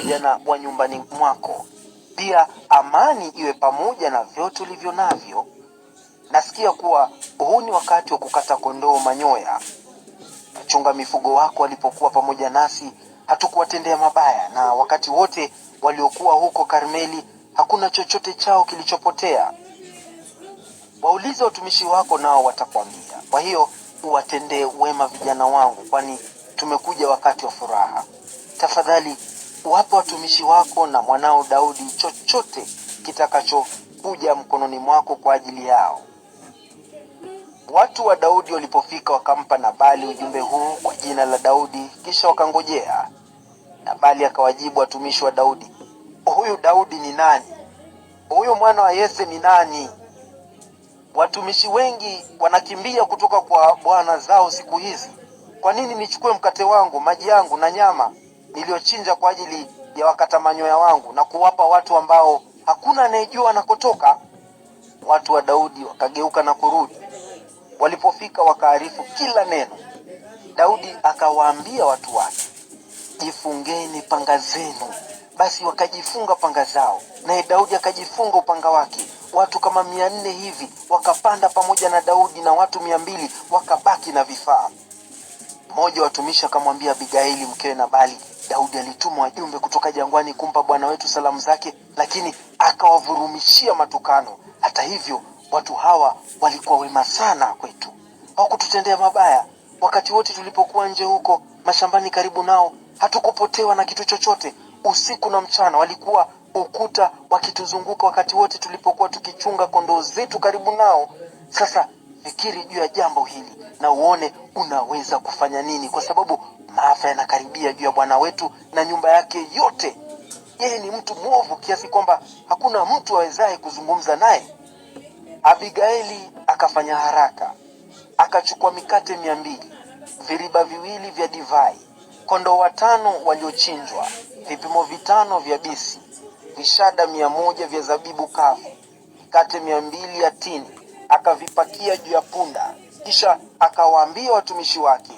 pamoja na wa nyumbani mwako. Pia amani iwe pamoja na vyote ulivyo navyo. Nasikia kuwa huu ni wakati wa kukata kondoo manyoya. Wachunga mifugo wako walipokuwa pamoja nasi, hatukuwatendea mabaya, na wakati wote waliokuwa huko Karmeli hakuna chochote chao kilichopotea. Waulize watumishi wako, nao watakwambia. Kwa hiyo uwatendee wema vijana wangu, kwani tumekuja wakati wa furaha. Tafadhali Wape watumishi wako na mwanao Daudi chochote kitakachokuja mkononi mwako kwa ajili yao. Watu wa Daudi walipofika wakampa Nabali ujumbe huu kwa jina la Daudi, kisha wakangojea. Nabali akawajibu watumishi wa Daudi, huyu Daudi ni nani? Huyu mwana wa Yese ni nani? Watumishi wengi wanakimbia kutoka kwa bwana zao siku hizi. Kwa nini nichukue mkate wangu, maji yangu na nyama niliyochinja kwa ajili ya wakata manyoya wangu na kuwapa watu ambao hakuna anayejua anakotoka. Watu wa Daudi wakageuka na kurudi. Walipofika wakaarifu kila neno. Daudi akawaambia watu wake, jifungeni panga zenu. Basi wakajifunga panga zao, naye Daudi akajifunga upanga wake. Watu kama mia nne hivi wakapanda pamoja na Daudi na watu mia mbili wakabaki na vifaa. Mmoja watumishi akamwambia Abigaili mkewe Nabali, Daudi alituma wajumbe kutoka jangwani kumpa bwana wetu salamu zake, lakini akawavurumishia matukano. Hata hivyo, watu hawa walikuwa wema sana kwetu, hawakututendea mabaya wakati wote tulipokuwa nje huko mashambani karibu nao. Hatukupotewa na kitu chochote. Usiku na mchana walikuwa ukuta wakituzunguka wakati wote tulipokuwa tukichunga kondoo zetu karibu nao. Sasa fikiri juu ya jambo hili na uone unaweza kufanya nini, kwa sababu maafa yanakaribia juu ya bwana wetu na nyumba yake yote. Yeye ni mtu mwovu kiasi kwamba hakuna mtu awezaye kuzungumza naye. abigaeli akafanya haraka, akachukua mikate mia mbili, viriba viwili vya divai, kondoo watano waliochinjwa, vipimo vitano vya bisi, vishada mia moja vya zabibu kavu, mikate mia mbili ya tini akavipakia juu ya punda, kisha akawaambia watumishi wake,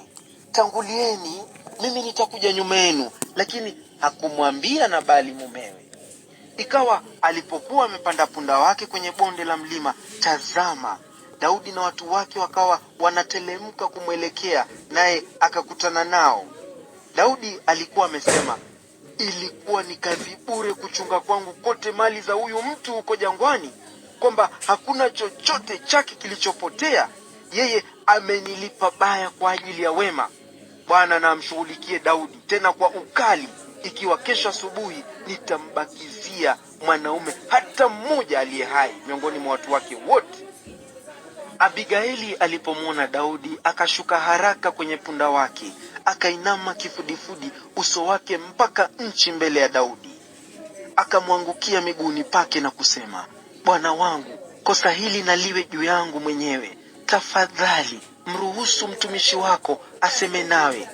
tangulieni, mimi nitakuja nyuma yenu. Lakini hakumwambia Nabali mumewe. Ikawa alipokuwa amepanda punda wake kwenye bonde la mlima, tazama, Daudi na watu wake wakawa wanatelemka kumwelekea, naye akakutana nao. Daudi alikuwa amesema, ilikuwa ni kazi bure kuchunga kwangu kote mali za huyu mtu huko jangwani kwamba hakuna chochote chake kilichopotea, yeye amenilipa baya kwa ajili ya wema. Bwana na amshughulikie Daudi tena kwa ukali, ikiwa kesho asubuhi nitambakizia mwanaume hata mmoja aliye hai miongoni mwa watu wake wote. Abigaili alipomwona Daudi akashuka haraka kwenye punda wake, akainama kifudifudi uso wake mpaka nchi mbele ya Daudi, akamwangukia miguuni pake na kusema Bwana wangu, kosa hili na liwe juu yangu mwenyewe. Tafadhali mruhusu mtumishi wako aseme nawe.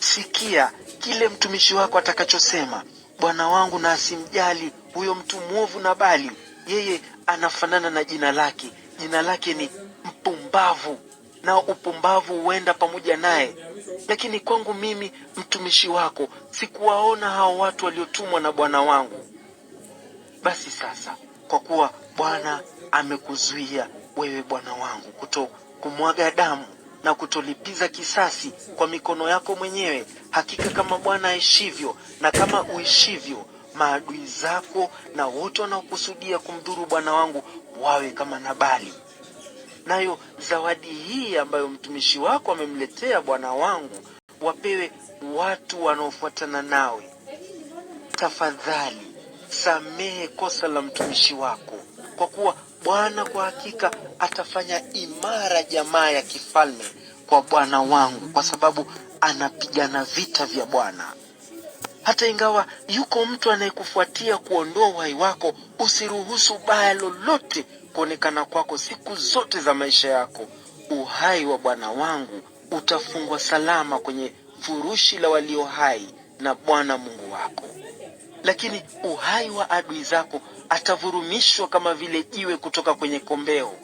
Sikia kile mtumishi wako atakachosema. Bwana wangu na asimjali huyo mtu mwovu na bali, yeye anafanana na jina lake. Jina lake ni mpumbavu, na upumbavu huenda pamoja naye. Lakini kwangu mimi mtumishi wako sikuwaona hao watu waliotumwa na bwana wangu. Basi sasa kwa kuwa Bwana amekuzuia wewe bwana wangu kuto kumwaga damu na kutolipiza kisasi kwa mikono yako mwenyewe. Hakika kama Bwana aishivyo na kama uishivyo, maadui zako na wote wanaokusudia kumdhuru bwana wangu wawe kama Nabali. Nayo zawadi hii ambayo mtumishi wako amemletea bwana wangu, wapewe watu wanaofuatana nawe. Tafadhali samehe kosa la mtumishi wako, kwa kuwa Bwana kwa hakika atafanya imara jamaa ya kifalme kwa bwana wangu, kwa sababu anapigana vita vya Bwana. Hata ingawa yuko mtu anayekufuatia kuondoa uhai wako, usiruhusu baya lolote kuonekana kwako siku zote za maisha yako. Uhai wa Bwana wangu utafungwa salama kwenye furushi la walio hai na Bwana Mungu wako lakini uhai wa adui zako atavurumishwa kama vile jiwe kutoka kwenye kombeo.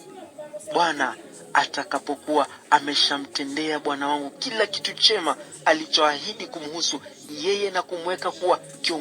Bwana atakapokuwa ameshamtendea bwana wangu kila kitu chema alichoahidi kumhusu yeye na kumweka kuwa kiongozi